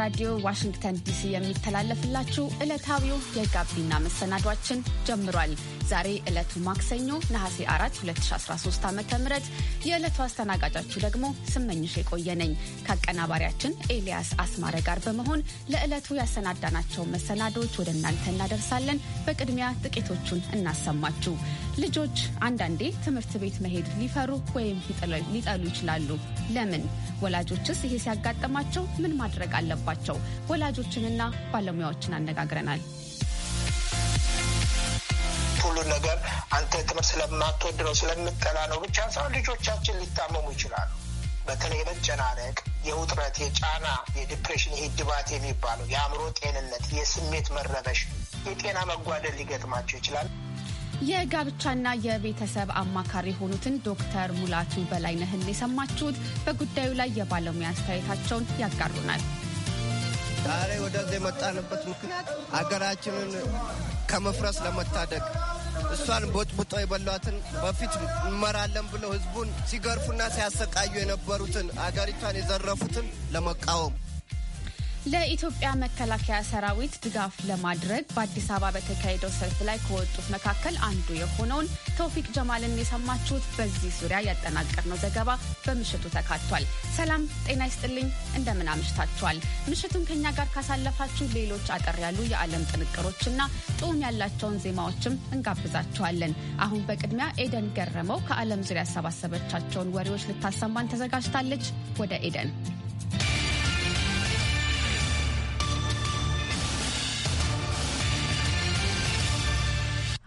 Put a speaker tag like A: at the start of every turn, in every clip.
A: ራዲዮ ዋሽንግተን ዲሲ የሚተላለፍላችሁ ዕለታዊው የጋቢና መሰናዷችን ጀምሯል። ዛሬ ዕለቱ ማክሰኞ ነሐሴ 4 2013 ዓ ም የዕለቱ አስተናጋጃችሁ ደግሞ ስመኝሽ የቆየ ነኝ ከአቀናባሪያችን ኤልያስ አስማረ ጋር በመሆን ለዕለቱ ያሰናዳናቸው መሰናዶዎች ወደ እናንተ እናደርሳለን። በቅድሚያ ጥቂቶቹን እናሰማችሁ። ልጆች አንዳንዴ ትምህርት ቤት መሄድ ሊፈሩ ወይም ሊጠሉ ይችላሉ። ለምን? ወላጆችስ ይሄ ሲያጋጥማቸው ምን ማድረግ አለባቸው? ወላጆችንና ባለሙያዎችን አነጋግረናል።
B: ሁሉን ነገር አንተ ትምህርት ስለማትወድ ነው ስለምጠላ ነው ብቻ ሳይሆን ልጆቻችን ሊታመሙ ይችላሉ። በተለይ የመጨናነቅ፣ የውጥረት፣ የጫና፣ የዲፕሬሽን፣ ይሄ ድባት የሚባለው የአእምሮ ጤንነት፣ የስሜት መረበሽ፣ የጤና መጓደል ሊገጥማቸው ይችላል።
A: የጋብቻና የቤተሰብ አማካሪ የሆኑትን ዶክተር ሙላቱ በላይነህን የሰማችሁት። በጉዳዩ ላይ የባለሙያ አስተያየታቸውን ያጋሩናል።
C: ዛሬ ወደዚህ የመጣንበት ምክንያት ሀገራችንን ከመፍረስ ለመታደግ እሷን ቦጭቡጠው የበሏትን በፊት እንመራለን ብለው ህዝቡን ሲገርፉና ሲያሰቃዩ የነበሩትን አገሪቷን የዘረፉትን ለመቃወም
A: ለኢትዮጵያ መከላከያ ሰራዊት ድጋፍ ለማድረግ በአዲስ አበባ በተካሄደው ሰልፍ ላይ ከወጡት መካከል አንዱ የሆነውን ተውፊቅ ጀማልን የሰማችሁት። በዚህ ዙሪያ ያጠናቀርነው ዘገባ በምሽቱ ተካቷል። ሰላም ጤና ይስጥልኝ፣ እንደምን አምሽታችኋል። ምሽቱን ከኛ ጋር ካሳለፋችሁ ሌሎች አጠር ያሉ የዓለም ጥንቅሮችና ጡም ያላቸውን ዜማዎችም እንጋብዛችኋለን። አሁን በቅድሚያ ኤደን ገረመው ከዓለም ዙሪያ ያሰባሰበቻቸውን ወሬዎች ልታሰማን ተዘጋጅታለች። ወደ ኤደን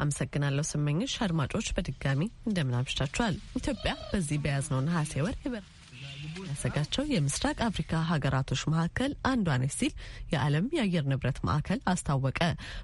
D: አመሰግናለሁ ስመኝሽ። አድማጮች በድጋሚ እንደምን አምሽታችኋል። ኢትዮጵያ በዚህ በያዝነው ነሐሴ ወር ይበር ያሰጋቸው የምስራቅ አፍሪካ ሀገራቶች መካከል አንዷ ነች ሲል የዓለም የአየር ንብረት ማዕከል አስታወቀ።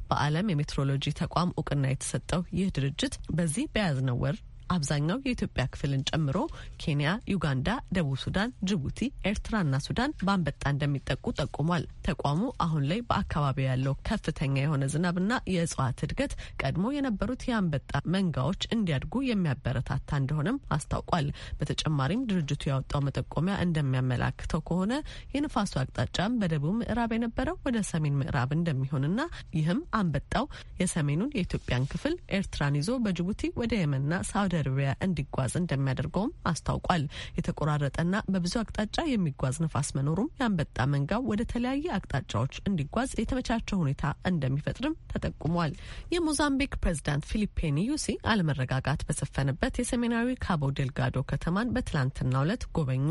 D: በዓለም የሜትሮሎጂ ተቋም እውቅና የተሰጠው ይህ ድርጅት በዚህ በያዝነው ወር አብዛኛው የኢትዮጵያ ክፍልን ጨምሮ ኬንያ፣ ዩጋንዳ፣ ደቡብ ሱዳን፣ ጅቡቲ፣ ኤርትራና ሱዳን በአንበጣ እንደሚጠቁ ጠቁሟል። ተቋሙ አሁን ላይ በአካባቢው ያለው ከፍተኛ የሆነ ዝናብና የእጽዋት እድገት ቀድሞ የነበሩት የአንበጣ መንጋዎች እንዲያድጉ የሚያበረታታ እንደሆነም አስታውቋል። በተጨማሪም ድርጅቱ ያወጣው መጠቆሚያ እንደሚያመላክተው ከሆነ የንፋሱ አቅጣጫም በደቡብ ምዕራብ የነበረው ወደ ሰሜን ምዕራብ እንደሚሆንና ይህም አንበጣው የሰሜኑን የኢትዮጵያን ክፍል ኤርትራን ይዞ በጅቡቲ ወደ የመንና ሳውዲ ደርቢያ እንዲጓዝ እንደሚያደርገውም አስታውቋል። የተቆራረጠና በብዙ አቅጣጫ የሚጓዝ ነፋስ መኖሩም የአንበጣ መንጋው ወደ ተለያየ አቅጣጫዎች እንዲጓዝ የተመቻቸ ሁኔታ እንደሚፈጥርም ተጠቁሟል። የሞዛምቢክ ፕሬዚዳንት ፊሊፔ ኒዩሲ አለመረጋጋት በሰፈነበት የሰሜናዊ ካቦ ዴልጋዶ ከተማን በትላንትናው ዕለት ጎበኙ።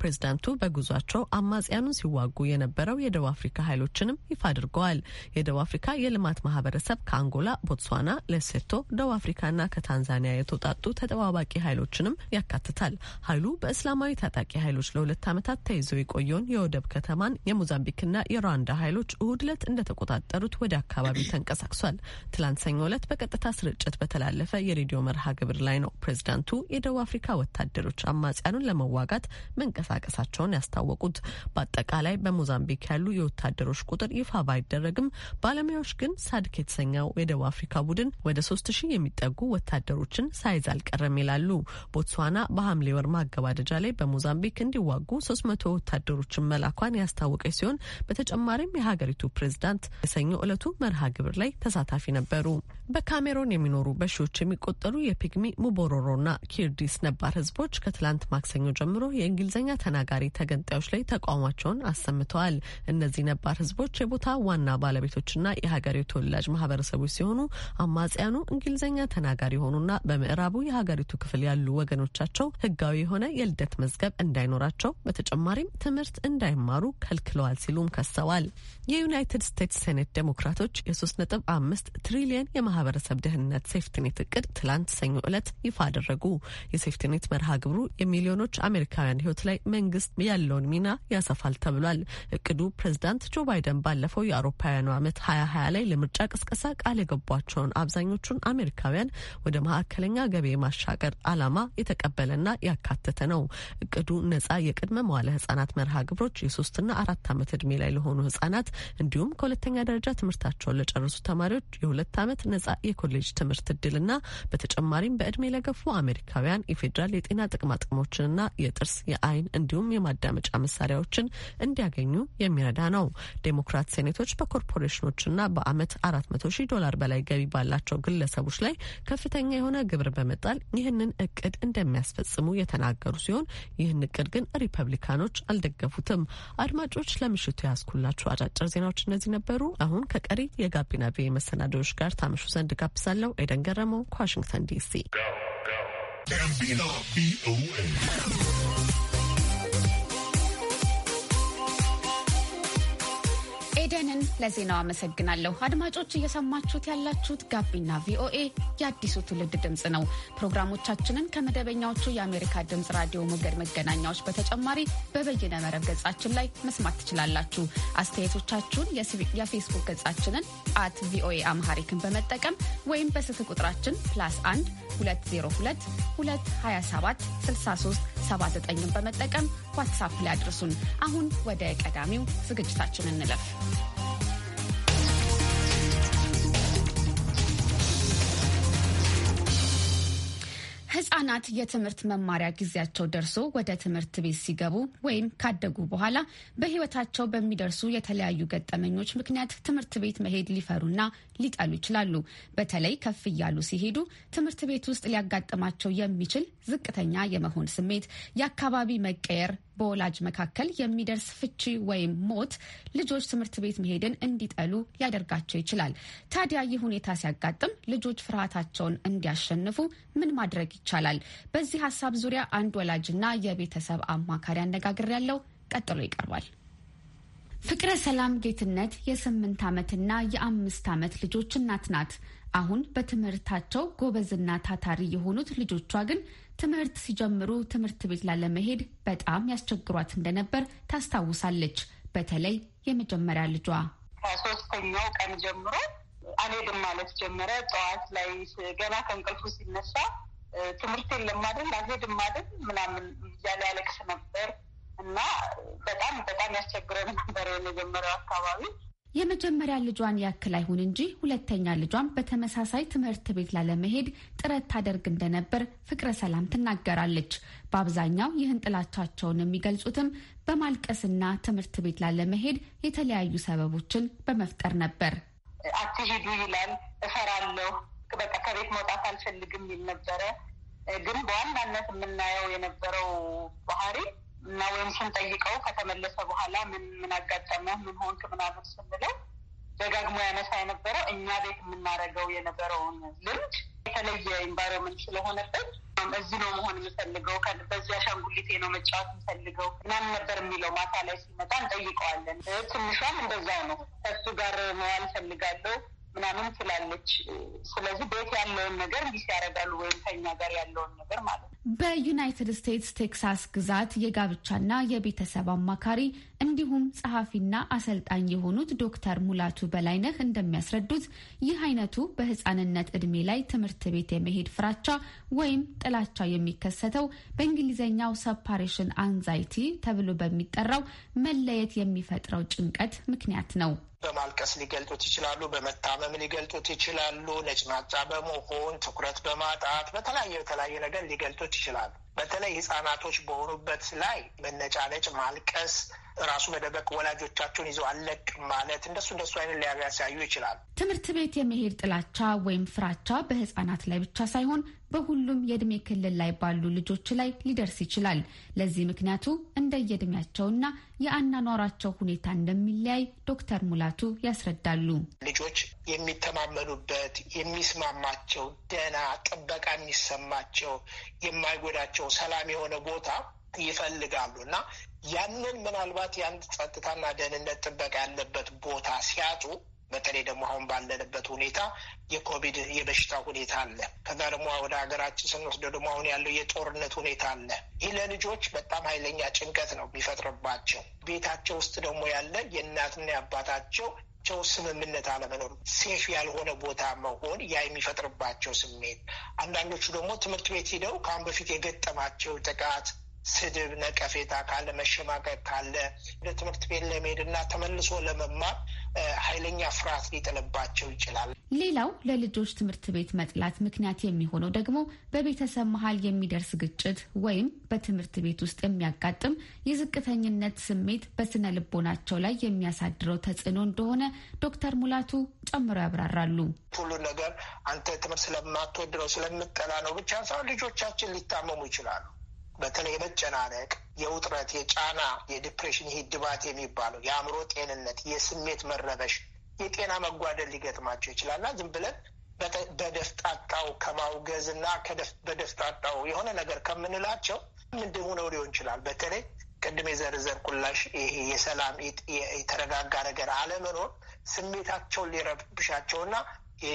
D: ፕሬዚዳንቱ በጉዟቸው አማጽያኑን ሲዋጉ የነበረው የደቡብ አፍሪካ ኃይሎችንም ይፋ አድርገዋል። የደቡብ አፍሪካ የልማት ማህበረሰብ ከአንጎላ፣ ቦትስዋና፣ ሌሴቶ፣ ደቡብ አፍሪካና ከታንዛኒያ የተውጣጡ ተጠባባቂ ኃይሎችንም ያካትታል። ኃይሉ በእስላማዊ ታጣቂ ኃይሎች ለሁለት ዓመታት ተይዘው የቆየውን የወደብ ከተማን የሞዛምቢክና የሩዋንዳ ኃይሎች እሁድ ዕለት እንደተቆጣጠሩት ወደ አካባቢ ተንቀሳቅሷል። ትላንት ሰኞ ዕለት በቀጥታ ስርጭት በተላለፈ የሬዲዮ መርሃ ግብር ላይ ነው ፕሬዚዳንቱ የደቡብ አፍሪካ ወታደሮች አማጽያኑን ለመዋጋት መንቀሳቀሳቸውን ያስታወቁት። በአጠቃላይ በሞዛምቢክ ያሉ የወታደሮች ቁጥር ይፋ ባይደረግም ባለሙያዎች ግን ሳድክ የተሰኘው የደቡብ አፍሪካ ቡድን ወደ ሶስት ሺህ የሚጠጉ ወታደሮችን ሳይዛል። አልቀረም ይላሉ። ቦትስዋና በሐምሌ ወር ማገባደጃ ላይ በሞዛምቢክ እንዲዋጉ ሶስት መቶ ወታደሮችን መላኳን ያስታወቀች ሲሆን በተጨማሪም የሀገሪቱ ፕሬዝዳንት የሰኞ ዕለቱ መርሃ ግብር ላይ ተሳታፊ ነበሩ። በካሜሮን የሚኖሩ በሺዎች የሚቆጠሩ የፒግሚ ሙቦሮሮና ኪርዲስ ነባር ህዝቦች ከትላንት ማክሰኞ ጀምሮ የእንግሊዝኛ ተናጋሪ ተገንጣዮች ላይ ተቃውሟቸውን አሰምተዋል። እነዚህ ነባር ህዝቦች የቦታ ዋና ባለቤቶችና የሀገሬው ተወላጅ ማህበረሰቦች ሲሆኑ አማጽያኑ እንግሊዝኛ ተናጋሪ የሆኑና በምዕራቡ የሀገሪቱ ክፍል ያሉ ወገኖቻቸው ህጋዊ የሆነ የልደት መዝገብ እንዳይኖራቸው በተጨማሪም ትምህርት እንዳይማሩ ከልክለዋል ሲሉም ከሰዋል። የዩናይትድ ስቴትስ ሴኔት ዴሞክራቶች የ ነጥብ አምስት ትሪሊየን የማህበረሰብ ደህንነት ሴፍቲኔት እቅድ ትላንት ሰኞ ዕለት ይፋ አደረጉ። የሴፍቲኔት መርሃ ግብሩ የሚሊዮኖች አሜሪካውያን ህይወት ላይ መንግስት ያለውን ሚና ያሰፋል ተብሏል። እቅዱ ፕሬዚዳንት ጆ ባይደን ባለፈው የአውሮፓውያኑ ዓመት ሀያ ሀያ ላይ ለምርጫ ቅስቀሳ ቃል የገቧቸውን አብዛኞቹን አሜሪካውያን ወደ መካከለኛ ገቢ ማሻገር አላማ የተቀበለና ያካተተ ነው። እቅዱ ነጻ የቅድመ መዋለ ህጻናት መርሃ ግብሮች የሶስትና አራት ዓመት እድሜ ላይ ለሆኑ ህጻናት እንዲሁም ከሁለተኛ ደረጃ ትምህርታቸውን ለጨረሱ ተማሪዎች የሁለት ዓመት ነጻ የኮሌጅ ትምህርት እድልና በተጨማሪም በእድሜ ለገፉ አሜሪካውያን የፌዴራል የጤና ጥቅማ ጥቅሞችንና የጥርስ የአይን እንዲሁም የማዳመጫ መሳሪያዎችን እንዲያገኙ የሚረዳ ነው። ዴሞክራት ሴኔቶች በኮርፖሬሽኖችና በአመት አራት መቶ ሺህ ዶላር በላይ ገቢ ባላቸው ግለሰቦች ላይ ከፍተኛ የሆነ ግብር በመጠ ባለስልጣን ይህንን እቅድ እንደሚያስፈጽሙ የተናገሩ ሲሆን ይህን እቅድ ግን ሪፐብሊካኖች አልደገፉትም። አድማጮች ለምሽቱ ያስኩላችሁ አጫጭር ዜናዎች እነዚህ ነበሩ። አሁን ከቀሪ የጋቢና ቪ መሰናዶዎች ጋር ታምሹ ዘንድ ጋብዛለሁ። ኤደን ገረመው ከዋሽንግተን ዲሲ
A: ኤደንን ለዜናው አመሰግናለሁ። አድማጮች እየሰማችሁት ያላችሁት ጋቢና ቪኦኤ የአዲሱ ትውልድ ድምፅ ነው። ፕሮግራሞቻችንን ከመደበኛዎቹ የአሜሪካ ድምፅ ራዲዮ ሞገድ መገናኛዎች በተጨማሪ በበይነ መረብ ገጻችን ላይ መስማት ትችላላችሁ። አስተያየቶቻችሁን የፌስቡክ ገጻችንን አት ቪኦኤ አምሃሪክን በመጠቀም ወይም በስልክ ቁጥራችን ፕላስ 1 202 227 6379 በመጠቀም ዋትሳፕ ላይ አድርሱን። አሁን ወደ ቀዳሚው ዝግጅታችን እንለፍ። ህጻናት የትምህርት መማሪያ ጊዜያቸው ደርሶ ወደ ትምህርት ቤት ሲገቡ ወይም ካደጉ በኋላ በህይወታቸው በሚደርሱ የተለያዩ ገጠመኞች ምክንያት ትምህርት ቤት መሄድ ሊፈሩና ሊጠሉ ይችላሉ። በተለይ ከፍ እያሉ ሲሄዱ ትምህርት ቤት ውስጥ ሊያጋጥማቸው የሚችል ዝቅተኛ የመሆን ስሜት፣ የአካባቢ መቀየር፣ በወላጅ መካከል የሚደርስ ፍቺ ወይም ሞት ልጆች ትምህርት ቤት መሄድን እንዲጠሉ ሊያደርጋቸው ይችላል። ታዲያ ይህ ሁኔታ ሲያጋጥም ልጆች ፍርሃታቸውን እንዲያሸንፉ ምን ማድረግ ይቻላል? በዚህ ሀሳብ ዙሪያ አንድ ወላጅና የቤተሰብ አማካሪ አነጋግር ያለው ቀጥሎ ይቀርባል። ፍቅረ ሰላም ጌትነት የስምንት ዓመትና የአምስት ዓመት ልጆች እናት ናት። አሁን በትምህርታቸው ጎበዝና ታታሪ የሆኑት ልጆቿ ግን ትምህርት ሲጀምሩ ትምህርት ቤት ላለመሄድ በጣም ያስቸግሯት እንደነበር ታስታውሳለች። በተለይ የመጀመሪያ ልጇ
E: ከሶስተኛው ቀን ጀምሮ አልሄድም ማለት ጀመረ።
F: ጠዋት
A: ላይ ገና ከእንቅልፉ ሲነሳ ትምህርት የለም አይደል፣ አልሄድም አይደል ምናምን
E: እያለ ያለቅስ ነበር እና በጣም በጣም ያስቸግረን ነበር የመጀመሪያው አካባቢ
A: የመጀመሪያ ልጇን ያክል አይሁን እንጂ ሁለተኛ ልጇን በተመሳሳይ ትምህርት ቤት ላለመሄድ ጥረት ታደርግ እንደነበር ፍቅረ ሰላም ትናገራለች። በአብዛኛው ይህን ጥላቻቸውን የሚገልጹትም በማልቀስና ትምህርት ቤት ላለመሄድ የተለያዩ ሰበቦችን በመፍጠር ነበር።
B: አትሄዱ ይላል፣
F: እፈራለሁ፣
A: በቃ ከቤት መውጣት አልፈልግም ይል ነበረ። ግን በዋናነት የምናየው የነበረው ባህሪ እና ወይም ስንጠይቀው ከተመለሰ በኋላ ምን ምን አጋጠመህ ምን ሆንክ ምናምን ስንለው ደጋግሞ ያነሳ የነበረው እኛ ቤት የምናደርገው የነበረውን ልምድ የተለየ ኢንቫይሮመንት ስለሆነበት እዚህ ነው መሆን የምፈልገው፣ በዚህ አሻንጉሊቴ ነው መጫወት የምፈልገው ምናምን ነበር የሚለው። ማታ ላይ ሲመጣ እንጠይቀዋለን። ትንሿም እንደዛው ነው። ከሱ ጋር መዋል ፈልጋለሁ ምናምን ስላለች ስለዚህ ቤት ያለውን ነገር እንዲህ ያደርጋሉ ወይም ከኛ ጋር ያለውን ነገር ማለት ነው። በዩናይትድ ስቴትስ ቴክሳስ ግዛት የጋብቻና የቤተሰብ አማካሪ እንዲሁም ጸሐፊና አሰልጣኝ የሆኑት ዶክተር ሙላቱ በላይነህ እንደሚያስረዱት ይህ አይነቱ በህፃንነት እድሜ ላይ ትምህርት ቤት የመሄድ ፍራቻ ወይም ጥላቻ የሚከሰተው በእንግሊዝኛው ሰፓሬሽን አንዛይቲ ተብሎ በሚጠራው መለየት የሚፈጥረው ጭንቀት ምክንያት ነው። በማልቀስ ሊገልጡት ይችላሉ። በመታመም ሊገልጡት ይችላሉ። ነጭናጫ
B: በመሆን ትኩረት በማጣት በተለያየ በተለያየ ነገር ሊገልጡት ይችላሉ። በተለይ ህጻናቶች በሆኑበት ላይ መነጫነጭ፣ ማልቀስ ራሱ መደበቅ፣ ወላጆቻቸውን ይዘው አለቅ ማለት እንደሱ እንደሱ አይነት ሊያሳዩ ይችላል።
A: ትምህርት ቤት የመሄድ ጥላቻ ወይም ፍራቻ በህጻናት ላይ ብቻ ሳይሆን በሁሉም የእድሜ ክልል ላይ ባሉ ልጆች ላይ ሊደርስ ይችላል። ለዚህ ምክንያቱ እንደየእድሜያቸውና የአናኗራቸው ሁኔታ እንደሚለያይ ዶክተር ሙላቱ ያስረዳሉ።
B: ልጆች የሚተማመኑበት፣ የሚስማማቸው፣ ደህና ጥበቃ የሚሰማቸው፣ የማይጎዳቸው ሰላም የሆነ ቦታ ይፈልጋሉ እና ያንን ምናልባት የአንድ ጸጥታና ደህንነት ጥበቃ ያለበት ቦታ ሲያጡ በተለይ ደግሞ አሁን ባለንበት ሁኔታ የኮቪድ የበሽታ ሁኔታ አለ። ከዛ ደግሞ ወደ ሀገራችን ስንወስደው ደግሞ አሁን ያለው የጦርነት ሁኔታ አለ። ይህ ለልጆች በጣም ኃይለኛ ጭንቀት ነው የሚፈጥርባቸው። ቤታቸው ውስጥ ደግሞ ያለ የእናትና የአባታቸው ቸው ስምምነት አለመኖር፣ ሴፍ ያልሆነ ቦታ መሆን፣ ያ የሚፈጥርባቸው ስሜት አንዳንዶቹ ደግሞ ትምህርት ቤት ሂደው ከአሁን በፊት የገጠማቸው ጥቃት ስድብ፣ ነቀፌታ ካለ መሸማቀቅ ካለ ወደ ትምህርት ቤት ለመሄድና ተመልሶ ለመማር ኃይለኛ ፍርሃት ሊጥልባቸው ይችላል።
A: ሌላው ለልጆች ትምህርት ቤት መጥላት ምክንያት የሚሆነው ደግሞ በቤተሰብ መሀል የሚደርስ ግጭት ወይም በትምህርት ቤት ውስጥ የሚያጋጥም የዝቅተኝነት ስሜት በስነ ልቦናቸው ላይ የሚያሳድረው ተጽዕኖ እንደሆነ ዶክተር ሙላቱ ጨምረው ያብራራሉ።
B: ሁሉ ነገር አንተ ትምህርት ስለማትወድረው ስለምጠላ ነው ብቻ ሳይሆን ልጆቻችን ሊታመሙ ይችላሉ። በተለይ የመጨናነቅ፣ የውጥረት፣ የጫና፣ የዲፕሬሽን፣ ይሄ ድባት የሚባለው የአእምሮ ጤንነት፣ የስሜት መረበሽ፣ የጤና መጓደል ሊገጥማቸው ይችላል ዝም ብለን በደፍጣጣው ከማውገዝ እና በደፍጣጣው የሆነ ነገር ከምንላቸው ምንድን ሆነው ሊሆን ይችላል። በተለይ ቅድም የዘርዘር ቁላሽ ይሄ የሰላም የተረጋጋ ነገር አለመኖር ስሜታቸውን ሊረብሻቸውና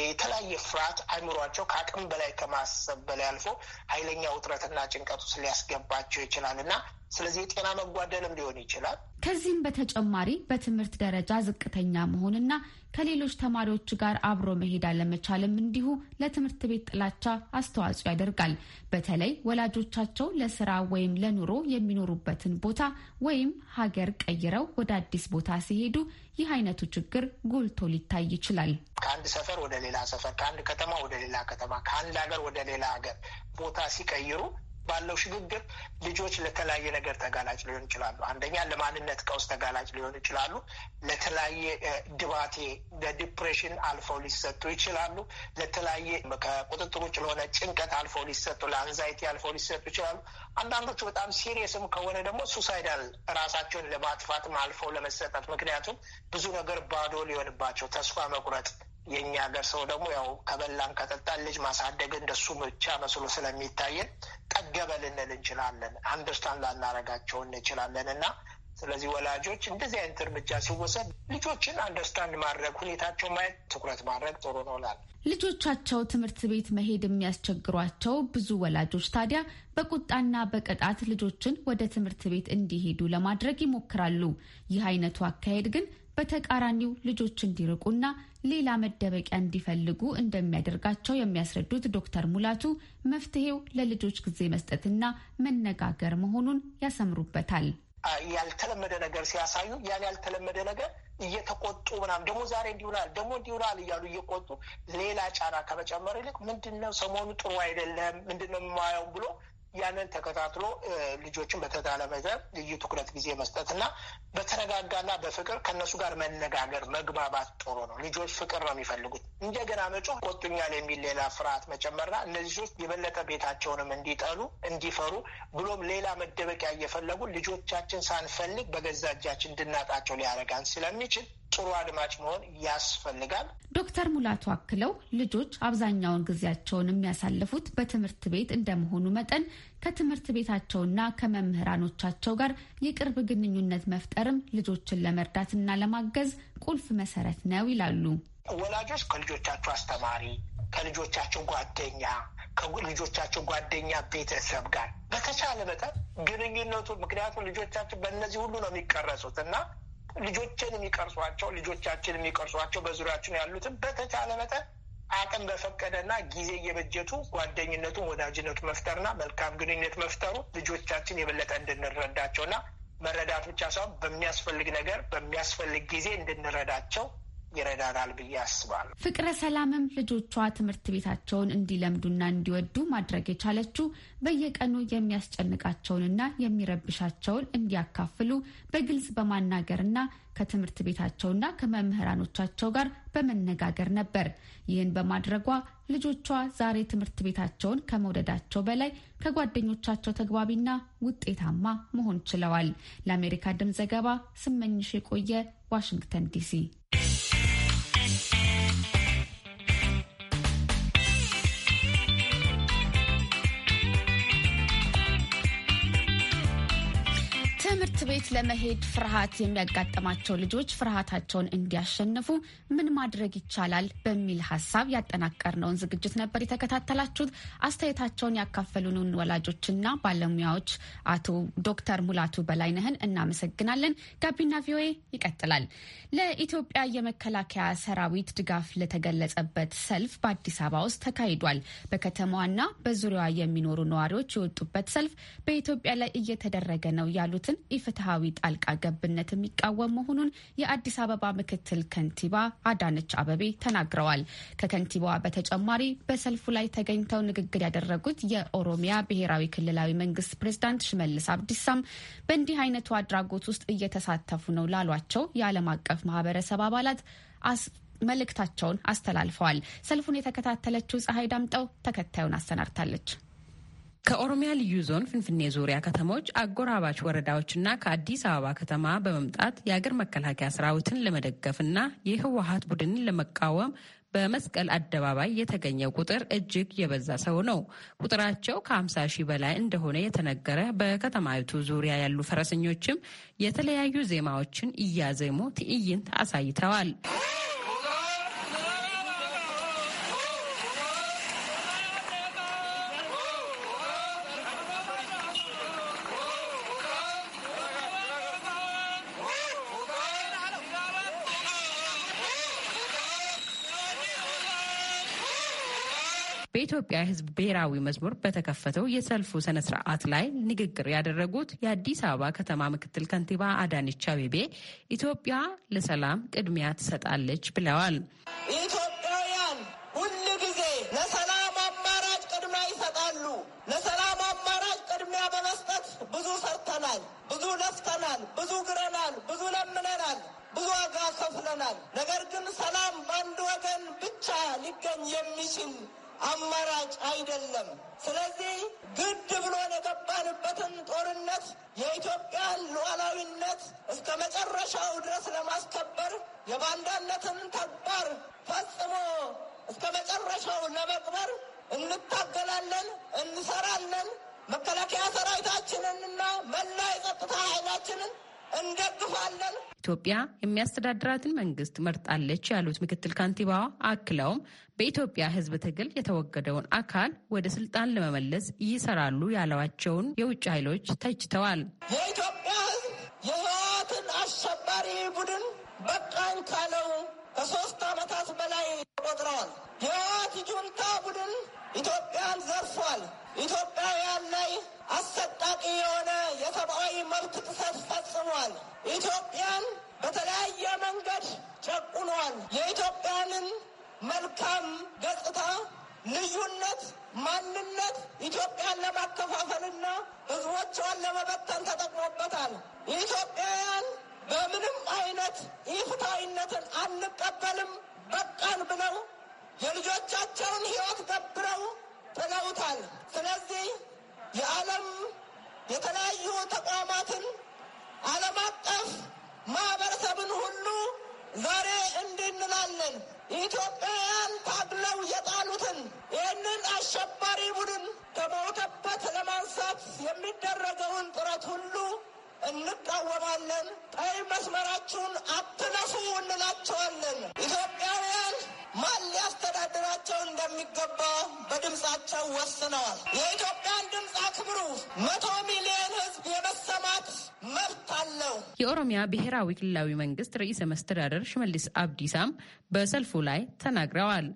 B: የተለያየ ፍርሃት አይምሯቸው ከአቅም በላይ ከማሰብ በላይ አልፎ ኃይለኛ ውጥረትና ጭንቀት ውስጥ ሊያስገባቸው ይችላል እና ስለዚህ የጤና መጓደልም ሊሆን ይችላል።
A: ከዚህም በተጨማሪ በትምህርት ደረጃ ዝቅተኛ መሆንና ከሌሎች ተማሪዎች ጋር አብሮ መሄድ አለመቻልም እንዲሁ ለትምህርት ቤት ጥላቻ አስተዋጽኦ ያደርጋል። በተለይ ወላጆቻቸው ለስራ ወይም ለኑሮ የሚኖሩበትን ቦታ ወይም ሀገር ቀይረው ወደ አዲስ ቦታ ሲሄዱ ይህ አይነቱ ችግር ጎልቶ ሊታይ ይችላል።
B: ከአንድ ሰፈር ወደ ሌላ ሰፈር፣ ከአንድ ከተማ ወደ ሌላ ከተማ፣ ከአንድ ሀገር ወደ ሌላ ሀገር ቦታ ሲቀይሩ ባለው ሽግግር ልጆች ለተለያየ ነገር ተጋላጭ ሊሆን ይችላሉ። አንደኛ ለማንነት ቀውስ ተጋላጭ ሊሆኑ ይችላሉ። ለተለያየ ድባቴ፣ ለዲፕሬሽን አልፈው ሊሰጡ ይችላሉ። ለተለያየ ከቁጥጥር ውጭ ለሆነ ጭንቀት አልፈው ሊሰጡ፣ ለአንዛይቲ አልፈው ሊሰጡ ይችላሉ። አንዳንዶቹ በጣም ሲሪየስም ከሆነ ደግሞ ሱሳይዳል ራሳቸውን ለማጥፋትም አልፈው ለመሰጠት ምክንያቱም ብዙ ነገር ባዶ ሊሆንባቸው ተስፋ መቁረጥ የእኛ ሀገር ሰው ደግሞ ያው ከበላን ከጠጣን ልጅ ማሳደግ እንደሱ ብቻ መስሎ ስለሚታየን ጠገበ ልንል እንችላለን። አንደርስታንድ ላናረጋቸው እንችላለን እና ስለዚህ ወላጆች እንደዚህ አይነት እርምጃ ሲወሰድ ልጆችን አንደርስታንድ ማድረግ ሁኔታቸው ማየት ትኩረት ማድረግ ጥሩ ነው ላል
A: ልጆቻቸው ትምህርት ቤት መሄድ የሚያስቸግሯቸው ብዙ ወላጆች ታዲያ በቁጣና በቅጣት ልጆችን ወደ ትምህርት ቤት እንዲሄዱ ለማድረግ ይሞክራሉ። ይህ አይነቱ አካሄድ ግን በተቃራኒው ልጆች እንዲርቁና ሌላ መደበቂያ እንዲፈልጉ እንደሚያደርጋቸው የሚያስረዱት ዶክተር ሙላቱ መፍትሄው ለልጆች ጊዜ መስጠትና መነጋገር መሆኑን ያሰምሩበታል።
B: ያልተለመደ ነገር ሲያሳዩ ያን ያልተለመደ ነገር እየተቆጡ ምናምን ደግሞ ዛሬ እንዲሆናል ደግሞ እንዲሆናል እያሉ እየቆጡ ሌላ ጫና ከመጨመር ይልቅ ምንድነው ሰሞኑ ጥሩ አይደለም ምንድነው የማየው ብሎ ያንን ተከታትሎ ልጆችን በተዳለ መጠን ልዩ ትኩረት ጊዜ መስጠት እና በተረጋጋና በፍቅር ከእነሱ ጋር መነጋገር መግባባት ጥሩ ነው። ልጆች ፍቅር ነው የሚፈልጉት። እንደገና መጮህ ቆጡኛል የሚል ሌላ ፍርሃት መጨመርና እነዚህ ሶስት የበለጠ ቤታቸውንም እንዲጠሉ እንዲፈሩ፣ ብሎም ሌላ መደበቂያ እየፈለጉ ልጆቻችን ሳንፈልግ በገዛ እጃችን እንድናጣቸው ሊያደርጋን
A: ስለሚችል ጥሩ አድማጭ መሆን ያስፈልጋል። ዶክተር ሙላቱ አክለው ልጆች አብዛኛውን ጊዜያቸውን የሚያሳልፉት በትምህርት ቤት እንደመሆኑ መጠን ከትምህርት ቤታቸውና ከመምህራኖቻቸው ጋር የቅርብ ግንኙነት መፍጠርም ልጆችን ለመርዳትና ለማገዝ ቁልፍ መሰረት ነው ይላሉ። ወላጆች ከልጆቻቸው አስተማሪ፣
B: ከልጆቻቸው ጓደኛ፣ ከልጆቻቸው ጓደኛ ቤተሰብ ጋር በተቻለ መጠን ግንኙነቱ ምክንያቱም ልጆቻቸው በእነዚህ ሁሉ ነው የሚቀረጹት እና ልጆችን የሚቀርጿቸው ልጆቻችን የሚቀርጿቸው በዙሪያችን ያሉትን በተቻለ መጠን አቅም በፈቀደና ጊዜ እየበጀቱ ጓደኝነቱን ወዳጅነቱ መፍጠርና መልካም ግንኙነት መፍጠሩ ልጆቻችን የበለጠ እንድንረዳቸውና መረዳት ብቻ ሳይሆን በሚያስፈልግ ነገር በሚያስፈልግ ጊዜ እንድንረዳቸው ይረዳናል ብዬ አስባለሁ።
A: ፍቅረ ሰላምም ልጆቿ ትምህርት ቤታቸውን እንዲለምዱና እንዲወዱ ማድረግ የቻለችው በየቀኑ የሚያስጨንቃቸውንና የሚረብሻቸውን እንዲያካፍሉ በግልጽ በማናገርና ከትምህርት ቤታቸውና ከመምህራኖቻቸው ጋር በመነጋገር ነበር። ይህን በማድረጓ ልጆቿ ዛሬ ትምህርት ቤታቸውን ከመውደዳቸው በላይ ከጓደኞቻቸው ተግባቢና ውጤታማ መሆን ችለዋል። ለአሜሪካ ድምፅ ዘገባ ስመኝሽ የቆየ ዋሽንግተን ዲሲ። ቤት ለመሄድ ፍርሃት የሚያጋጥማቸው ልጆች ፍርሃታቸውን እንዲያሸንፉ ምን ማድረግ ይቻላል በሚል ሀሳብ ያጠናቀርነውን ዝግጅት ነበር የተከታተላችሁት። አስተያየታቸውን ያካፈሉንን ወላጆችና ባለሙያዎች አቶ ዶክተር ሙላቱ በላይነህን እናመሰግናለን። ጋቢና ቪኦኤ ይቀጥላል። ለኢትዮጵያ የመከላከያ ሰራዊት ድጋፍ ለተገለጸበት ሰልፍ በአዲስ አበባ ውስጥ ተካሂዷል። በከተማዋና በዙሪያዋ የሚኖሩ ነዋሪዎች የወጡበት ሰልፍ በኢትዮጵያ ላይ እየተደረገ ነው ያሉትን ፍትሐዊ ጣልቃ ገብነት የሚቃወም መሆኑን የአዲስ አበባ ምክትል ከንቲባ አዳነች አበቤ ተናግረዋል። ከከንቲባዋ በተጨማሪ በሰልፉ ላይ ተገኝተው ንግግር ያደረጉት የኦሮሚያ ብሔራዊ ክልላዊ መንግስት ፕሬዝዳንት ሽመልስ አብዲሳም በእንዲህ አይነቱ አድራጎት ውስጥ እየተሳተፉ ነው ላሏቸው የዓለም አቀፍ ማህበረሰብ አባላት መልእክታቸውን አስተላልፈዋል። ሰልፉን የተከታተለችው ፀሐይ ዳምጠው ተከታዩን አሰናድታለች። ከኦሮሚያ ልዩ ዞን ፍንፍኔ ዙሪያ ከተሞች
F: አጎራባች ወረዳዎችና ከአዲስ አበባ ከተማ በመምጣት የአገር መከላከያ ሰራዊትን ለመደገፍና የህወሀት ቡድንን ለመቃወም በመስቀል አደባባይ የተገኘው ቁጥር እጅግ የበዛ ሰው ነው። ቁጥራቸው ከ50 ሺህ በላይ እንደሆነ የተነገረ በከተማይቱ ዙሪያ ያሉ ፈረሰኞችም የተለያዩ ዜማዎችን እያዜሙ ትዕይንት አሳይተዋል። በኢትዮጵያ ሕዝብ ብሔራዊ መዝሙር በተከፈተው የሰልፉ ስነ ስርዓት ላይ ንግግር ያደረጉት የአዲስ አበባ ከተማ ምክትል ከንቲባ አዳነች አቤቤ ኢትዮጵያ ለሰላም ቅድሚያ ትሰጣለች ብለዋል።
G: ኢትዮጵያውያን ሁል ጊዜ ለሰላም አማራጭ ቅድሚያ ይሰጣሉ። ለሰላም አማራጭ ቅድሚያ በመስጠት ብዙ ሰርተናል፣ ብዙ ለፍተናል፣ ብዙ ግረናል፣ ብዙ ለምነናል ብዙ ዋጋ ከፍለናል። ነገር ግን ሰላም በአንድ ወገን ብቻ ሊገኝ የሚችል አማራጭ አይደለም። ስለዚህ ግድ ብሎን የገባንበትን ጦርነት የኢትዮጵያን ሉዓላዊነት እስከ መጨረሻው ድረስ ለማስከበር የባንዳነትን ተግባር ፈጽሞ እስከ መጨረሻው ለመቅበር እንታገላለን፣ እንሰራለን። መከላከያ ሰራዊታችንንና መላ የጸጥታ ኃይላችንን እንደግፋለን።
F: ኢትዮጵያ የሚያስተዳድራትን መንግስት መርጣለች ያሉት ምክትል ካንቲባዋ አክለውም በኢትዮጵያ ሕዝብ ትግል የተወገደውን አካል ወደ ስልጣን ለመመለስ ይሰራሉ ያለዋቸውን የውጭ ኃይሎች ተችተዋል።
G: የኢትዮጵያ ሕዝብ የህወሓትን አሸባሪ ቡድን በቃኝ ካለው ከሶስት ዓመታት በላይ ተቆጥረዋል። የህወሓት ጁንታ ቡድን ኢትዮጵያን ዘርፏል። ኢትዮጵያውያን ላይ አሰቃቂ የሆነ የሰብአዊ መብት ጥሰት ፈጽሟል። ኢትዮጵያን በተለያየ መንገድ ጨቁኗል። የኢትዮጵያንን መልካም ገጽታ፣ ልዩነት፣ ማንነት ኢትዮጵያን ለማከፋፈልና ህዝቦቿን ለመበተን ተጠቅሞበታል። የኢትዮጵያውያን ። በምንም አይነት ኢፍትሐዊነትን አንቀበልም በቃን ብለው የልጆቻቸውን ህይወት ገብረው ጥለውታል። ስለዚህ የዓለም የተለያዩ ተቋማትን ዓለም አቀፍ ማህበረሰብን ሁሉ ዛሬ እንዲህ እንላለን። ኢትዮጵያውያን ታግለው የጣሉትን ይህንን አሸባሪ ቡድን ከሞተበት ለማንሳት የሚደረገውን ጥረት ሁሉ እንቃወማለን። ቀይ መስመራችሁን አትነሱ እንላቸዋለን። ኢትዮጵያውያን ማን ሊያስተዳድራቸው እንደሚገባ በድምፃቸው ወስነዋል። የኢትዮጵያን ድምፅ አክብሩ። መቶ ሚሊዮን ህዝብ የመሰማት መብት አለው።
F: የኦሮሚያ ብሔራዊ ክልላዊ መንግስት ርዕሰ መስተዳደር ሽመልስ አብዲሳም በሰልፉ ላይ ተናግረዋል።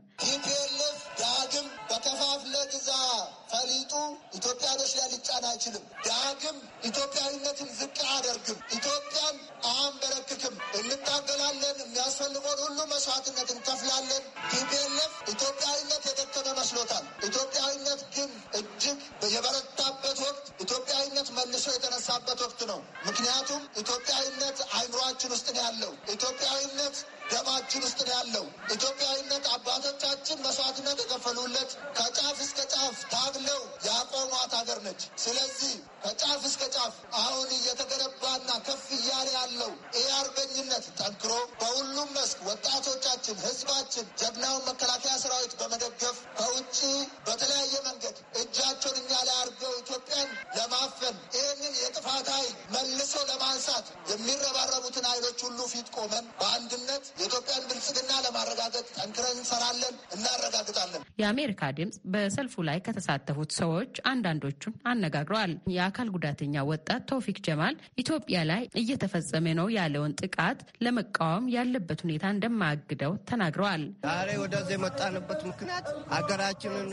H: ለማንሳት የሚረባረቡትን ኃይሎች ሁሉ ፊት ቆመን በአንድነት የኢትዮጵያን ብልጽግና ለማረጋገጥ ጠንክረን እንሰራለን፣ እናረጋግጣለን።
F: የአሜሪካ ድምፅ በሰልፉ ላይ ከተሳተፉት ሰዎች አንዳንዶቹን አነጋግረዋል። የአካል ጉዳተኛ ወጣት ተውፊክ ጀማል ኢትዮጵያ ላይ እየተፈጸመ ነው ያለውን ጥቃት ለመቃወም ያለበት ሁኔታ እንደማያግደው ተናግረዋል። ዛሬ ወደዚ
C: የመጣንበት ምክንያት ሀገራችንን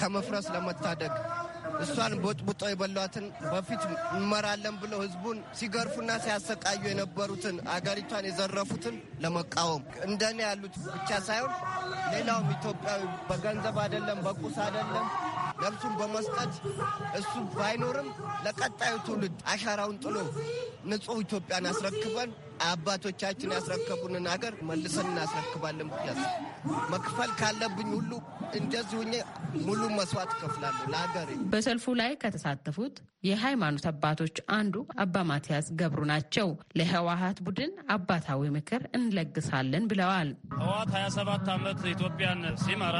C: ከመፍረስ ለመታደግ እሷን ቦጥቡጦ የበሏትን በፊት እንመራለን ብሎ ህዝቡን ሲገርፉና ሲያሰቃዩ የነበሩትን አገሪቷን የዘረፉትን ለመቃወም እንደኔ ያሉት ብቻ ሳይሆን ሌላውም ኢትዮጵያዊ በገንዘብ አይደለም፣ በቁስ አይደለም ነፍሱን በመስጠት እሱ ባይኖርም ለቀጣዩ ትውልድ አሻራውን ጥሎ ንጹህ ኢትዮጵያን አስረክበን አባቶቻችን ያስረከቡንን ሀገር መልሰን እናስረክባለን ብያስ መክፈል ካለብኝ ሁሉ እንደዚሁ ሙሉ መስዋዕት እከፍላለሁ ለሀገር።
F: በሰልፉ ላይ ከተሳተፉት የሃይማኖት አባቶች አንዱ አባ ማቲያስ ገብሩ ናቸው። ለህወሀት ቡድን አባታዊ ምክር እንለግሳለን ብለዋል።
I: ህወሀት 27 ዓመት ኢትዮጵያን ሲመራ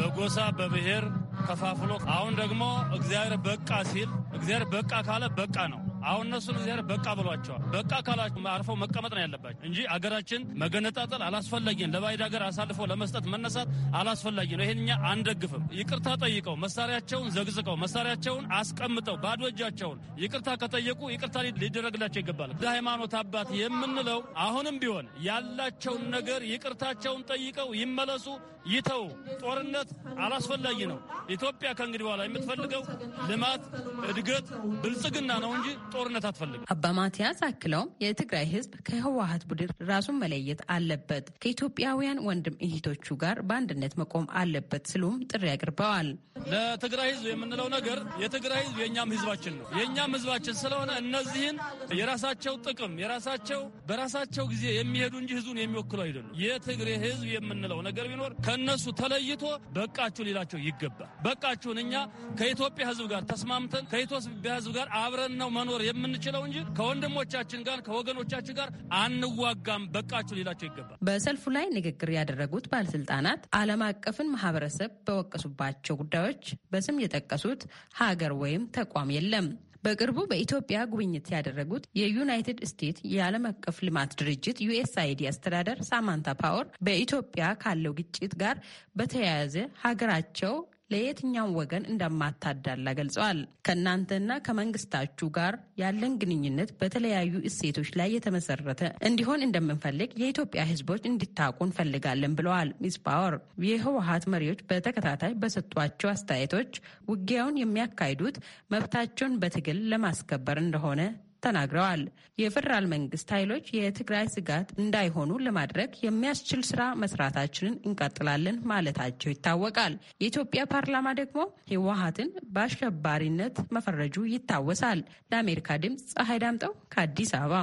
I: በጎሳ በብሔር ከፋፍሎ አሁን ደግሞ እግዚአብሔር በቃ ሲል እግዚአብሔር በቃ ካለ በቃ ነው አሁን እነሱ ዚያር በቃ ብሏቸዋል። በቃ ካላቸው አርፈው መቀመጥ ነው ያለባቸው እንጂ አገራችን መገነጣጠል አላስፈላጊን ለባዕድ ሀገር አሳልፎ ለመስጠት መነሳት አላስፈላጊ ነው። ይህን እኛ አንደግፍም። ይቅርታ ጠይቀው መሳሪያቸውን ዘግዝቀው መሳሪያቸውን አስቀምጠው ባዶ እጃቸውን ይቅርታ ከጠየቁ ይቅርታ ሊደረግላቸው ይገባል። ለሃይማኖት አባት የምንለው አሁንም ቢሆን ያላቸውን ነገር ይቅርታቸውን ጠይቀው ይመለሱ፣ ይተው። ጦርነት አላስፈላጊ ነው። ኢትዮጵያ ከእንግዲህ በኋላ የምትፈልገው ልማት፣ እድገት፣ ብልጽግና ነው እንጂ ጦርነት አትፈልግ።
F: አባ ማቲያስ አክለውም የትግራይ ህዝብ ከህወሀት ቡድን ራሱን መለየት አለበት፣ ከኢትዮጵያውያን ወንድም እህቶቹ ጋር በአንድነት መቆም አለበት ስሉም ጥሪ አቅርበዋል።
I: ለትግራይ ህዝብ የምንለው ነገር የትግራይ ህዝብ የእኛም ህዝባችን ነው። የእኛም ህዝባችን ስለሆነ እነዚህን የራሳቸው ጥቅም የራሳቸው በራሳቸው ጊዜ የሚሄዱ እንጂ ህዝቡን የሚወክሉ አይደሉም። የትግሬ ህዝብ የምንለው ነገር ቢኖር ከእነሱ ተለይቶ በቃችሁ ሌላቸው ይገባል። በቃችሁን እኛ ከኢትዮጵያ ህዝብ ጋር ተስማምተን ከኢትዮጵያ ህዝብ ጋር አብረን ነው መኖር መኖር የምንችለው እንጂ ከወንድሞቻችን ጋር ከወገኖቻችን ጋር አንዋጋም፣ በቃችሁ ሌላቸው ይገባል።
F: በሰልፉ ላይ ንግግር ያደረጉት ባለስልጣናት ዓለም አቀፍን ማህበረሰብ በወቀሱባቸው ጉዳዮች በስም የጠቀሱት ሀገር ወይም ተቋም የለም። በቅርቡ በኢትዮጵያ ጉብኝት ያደረጉት የዩናይትድ ስቴትስ የዓለም አቀፍ ልማት ድርጅት ዩኤስአይዲ አስተዳደር ሳማንታ ፓወር በኢትዮጵያ ካለው ግጭት ጋር በተያያዘ ሀገራቸው ለየትኛው ወገን እንደማታዳላ ገልጸዋል። ከእናንተና ከመንግስታችሁ ጋር ያለን ግንኙነት በተለያዩ እሴቶች ላይ የተመሰረተ እንዲሆን እንደምንፈልግ የኢትዮጵያ ሕዝቦች እንዲታቁ እንፈልጋለን ብለዋል። ሚስ ፓወር የህወሀት መሪዎች በተከታታይ በሰጧቸው አስተያየቶች ውጊያውን የሚያካሂዱት መብታቸውን በትግል ለማስከበር እንደሆነ ተናግረዋል። የፌዴራል መንግስት ኃይሎች የትግራይ ስጋት እንዳይሆኑ ለማድረግ የሚያስችል ስራ መስራታችንን እንቀጥላለን ማለታቸው ይታወቃል። የኢትዮጵያ ፓርላማ ደግሞ ህወሀትን በአሸባሪነት መፈረጁ ይታወሳል። ለአሜሪካ ድምፅ ፀሐይ ዳምጠው ከአዲስ አበባ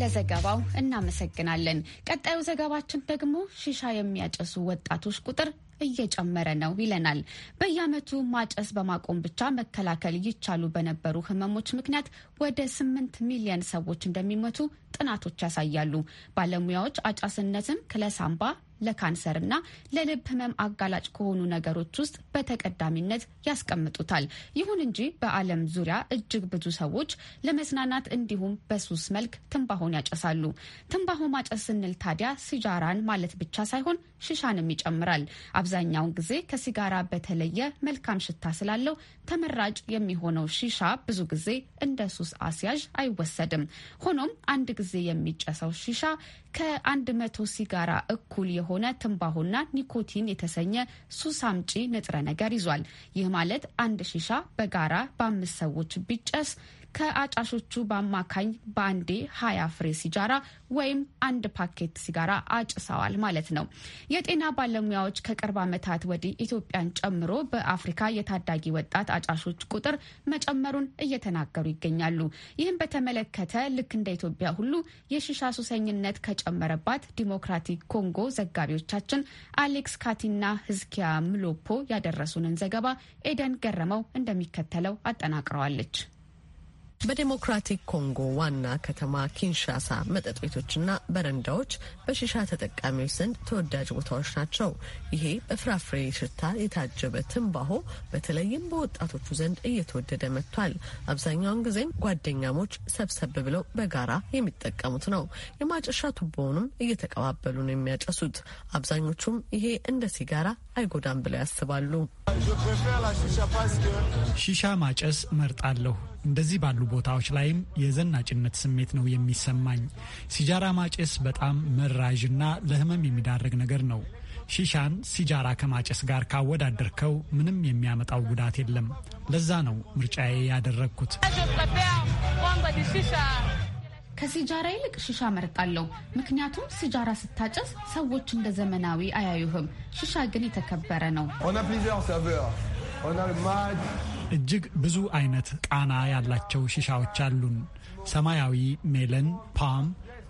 A: ለዘገባው እናመሰግናለን። ቀጣዩ ዘገባችን ደግሞ ሺሻ የሚያጨሱ ወጣቶች ቁጥር እየጨመረ ነው ይለናል። በየዓመቱ ማጨስ በማቆም ብቻ መከላከል ይቻሉ በነበሩ ህመሞች ምክንያት ወደ ስምንት ሚሊየን ሰዎች እንደሚሞቱ ጥናቶች ያሳያሉ። ባለሙያዎች አጫስነትም ለሳምባ ለካንሰር እና ለልብ ህመም አጋላጭ ከሆኑ ነገሮች ውስጥ በተቀዳሚነት ያስቀምጡታል። ይሁን እንጂ በዓለም ዙሪያ እጅግ ብዙ ሰዎች ለመዝናናት እንዲሁም በሱስ መልክ ትንባሆን ያጨሳሉ። ትንባሆ ማጨስ ስንል ታዲያ ሲጃራን ማለት ብቻ ሳይሆን ሽሻንም ይጨምራል። አብዛኛውን ጊዜ ከሲጋራ በተለየ መልካም ሽታ ስላለው ተመራጭ የሚሆነው ሺሻ ብዙ ጊዜ እንደ ሱስ አስያዥ አይወሰድም። ሆኖም አንድ ጊዜ የሚጨሰው ሺሻ ከአንድ መቶ ሲጋራ እኩል የሆነ ትንባሆና ኒኮቲን የተሰኘ ሱስ አምጪ ንጥረ ነገር ይዟል። ይህ ማለት አንድ ሺሻ በጋራ በአምስት ሰዎች ቢጨስ ከአጫሾቹ በአማካኝ በአንዴ ሀያ ፍሬ ሲጃራ ወይም አንድ ፓኬት ሲጋራ አጭሰዋል ማለት ነው። የጤና ባለሙያዎች ከቅርብ ዓመታት ወዲህ ኢትዮጵያን ጨምሮ በአፍሪካ የታዳጊ ወጣት አጫሾች ቁጥር መጨመሩን እየተናገሩ ይገኛሉ። ይህም በተመለከተ ልክ እንደ ኢትዮጵያ ሁሉ የሽሻ ሱሰኝነት ከጨመረባት ዲሞክራቲክ ኮንጎ ዘጋቢዎቻችን አሌክስ ካቲና ህዝኪያ ምሎፖ
D: ያደረሱንን ዘገባ ኤደን ገረመው እንደሚከተለው አጠናቅረዋለች። በዴሞክራቲክ ኮንጎ ዋና ከተማ ኪንሻሳ መጠጥ ቤቶችና በረንዳዎች በሺሻ ተጠቃሚዎች ዘንድ ተወዳጅ ቦታዎች ናቸው። ይሄ በፍራፍሬ ሽታ የታጀበ ትንባሆ በተለይም በወጣቶቹ ዘንድ እየተወደደ መጥቷል። አብዛኛውን ጊዜም ጓደኛሞች ሰብሰብ ብለው በጋራ የሚጠቀሙት ነው። የማጨሻ ቱቦውንም እየተቀባበሉ ነው የሚያጨሱት። አብዛኞቹም ይሄ እንደ ሲጋራ አይጎዳም ብለው ያስባሉ።
E: ሺሻ ማጨስ መርጣለሁ። እንደዚህ ባሉ ቦታዎች ላይም የዘናጭነት ስሜት ነው የሚሰማኝ። ሲጃራ ማጨስ በጣም መራዥና ለህመም የሚዳርግ ነገር ነው። ሺሻን ሲጃራ ከማጨስ ጋር ካወዳደርከው ምንም የሚያመጣው ጉዳት የለም። ለዛ ነው ምርጫዬ ያደረግኩት።
A: ከሲጃራ ይልቅ ሽሻ መርጣለሁ። ምክንያቱም ሲጃራ ስታጨስ ሰዎች እንደ ዘመናዊ አያዩህም። ሽሻ ግን የተከበረ ነው።
E: እጅግ ብዙ አይነት ቃና ያላቸው ሽሻዎች አሉን። ሰማያዊ፣ ሜለን፣ ፓም፣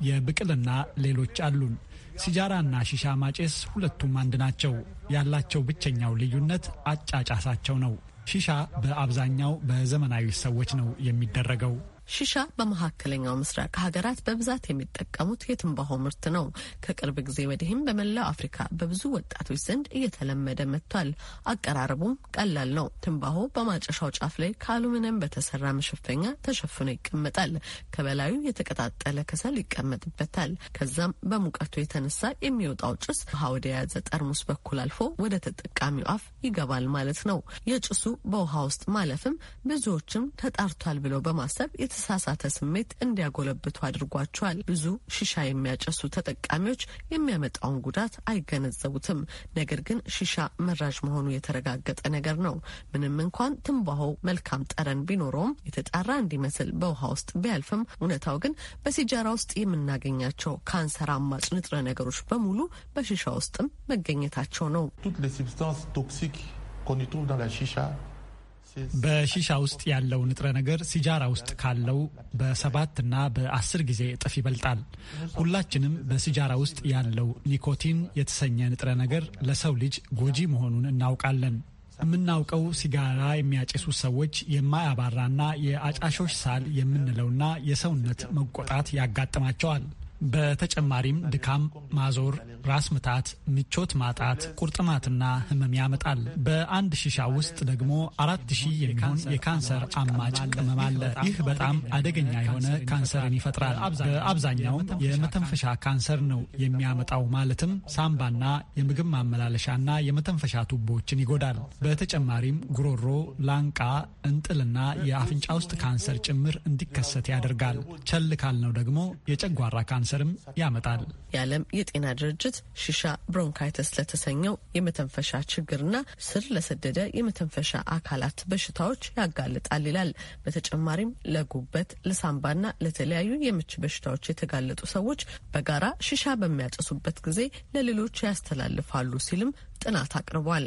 E: የብቅልና ሌሎች አሉን። ሲጃራና ሽሻ ማጨስ ሁለቱም አንድ ናቸው። ያላቸው ብቸኛው ልዩነት አጫጫሳቸው ነው። ሺሻ በአብዛኛው በዘመናዊ ሰዎች ነው የሚደረገው።
D: ሺሻ በመካከለኛው ምስራቅ ሀገራት በብዛት የሚጠቀሙት የትንባሆ ምርት ነው። ከቅርብ ጊዜ ወዲህም በመላው አፍሪካ በብዙ ወጣቶች ዘንድ እየተለመደ መጥቷል። አቀራረቡም ቀላል ነው። ትንባሆ በማጨሻው ጫፍ ላይ ከአሉሚኒየም በተሰራ መሸፈኛ ተሸፍኖ ይቀመጣል። ከበላዩ የተቀጣጠለ ከሰል ይቀመጥበታል። ከዛም በሙቀቱ የተነሳ የሚወጣው ጭስ ውሃ ወደ የያዘ ጠርሙስ በኩል አልፎ ወደ ተጠቃሚው አፍ ይገባል ማለት ነው። የጭሱ በውሃ ውስጥ ማለፍም ብዙዎችም ተጣርቷል ብለው በማሰብ የተሳሳተ ስሜት እንዲያጎለብቱ አድርጓቸዋል። ብዙ ሽሻ የሚያጨሱ ተጠቃሚዎች የሚያመጣውን ጉዳት አይገነዘቡትም። ነገር ግን ሽሻ መራዥ መሆኑ የተረጋገጠ ነገር ነው። ምንም እንኳን ትንባሆ መልካም ጠረን ቢኖረውም የተጣራ እንዲመስል በውሃ ውስጥ ቢያልፍም፣ እውነታው ግን በሲጃራ ውስጥ የምናገኛቸው ካንሰር አማጭ ንጥረ ነገሮች በሙሉ በሽሻ ውስጥም መገኘታቸው ነው።
E: በሺሻ ውስጥ ያለው ንጥረ ነገር ሲጃራ ውስጥ ካለው በሰባት እና በአስር ጊዜ እጥፍ ይበልጣል። ሁላችንም በሲጃራ ውስጥ ያለው ኒኮቲን የተሰኘ ንጥረ ነገር ለሰው ልጅ ጎጂ መሆኑን እናውቃለን። የምናውቀው ሲጋራ የሚያጨሱ ሰዎች የማያባራና የአጫሾች ሳል የምንለውና የሰውነት መቆጣት ያጋጥማቸዋል። በተጨማሪም ድካም፣ ማዞር፣ ራስ ምታት፣ ምቾት ማጣት፣ ቁርጥማትና ህመም ያመጣል። በአንድ ሺሻ ውስጥ ደግሞ አራት ሺህ የሚሆን የካንሰር አማጭ ቅመም አለ። ይህ በጣም አደገኛ የሆነ ካንሰርን ይፈጥራል። በአብዛኛውም የመተንፈሻ ካንሰር ነው የሚያመጣው ማለትም ሳምባና የምግብ ማመላለሻና የመተንፈሻ ቱቦዎችን ይጎዳል። በተጨማሪም ጉሮሮ፣ ላንቃ፣ እንጥልና የአፍንጫ ውስጥ ካንሰር ጭምር እንዲከሰት ያደርጋል። ቸልካል ነው ደግሞ የጨጓራ ካንሰር ካንሰርም ያመጣል። የዓለም
D: የጤና ድርጅት ሽሻ ብሮንካይተስ ለተሰኘው የመተንፈሻ ችግርና ስር ለሰደደ የመተንፈሻ አካላት በሽታዎች ያጋልጣል ይላል። በተጨማሪም ለጉበት፣ ለሳምባና ለተለያዩ የምች በሽታዎች የተጋለጡ ሰዎች በጋራ ሽሻ በሚያጨሱበት ጊዜ ለሌሎች ያስተላልፋሉ ሲልም ጥናት አቅርቧል።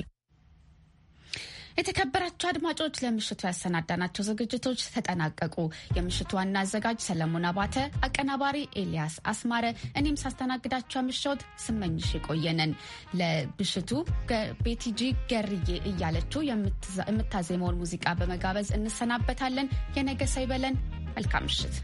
A: የተከበራቸው አድማጮች ለምሽቱ ያሰናዳናቸው ዝግጅቶች ተጠናቀቁ። የምሽቱ ዋና አዘጋጅ ሰለሞን አባተ፣ አቀናባሪ ኤልያስ አስማረ፣ እኔም ሳስተናግዳቸው ምሽት ስመኝሽ የቆየንን ለምሽቱ ቤቲጂ ገርዬ እያለችው የምታዜመውን ሙዚቃ በመጋበዝ እንሰናበታለን። የነገ ሰው ይበለን። መልካም ምሽት።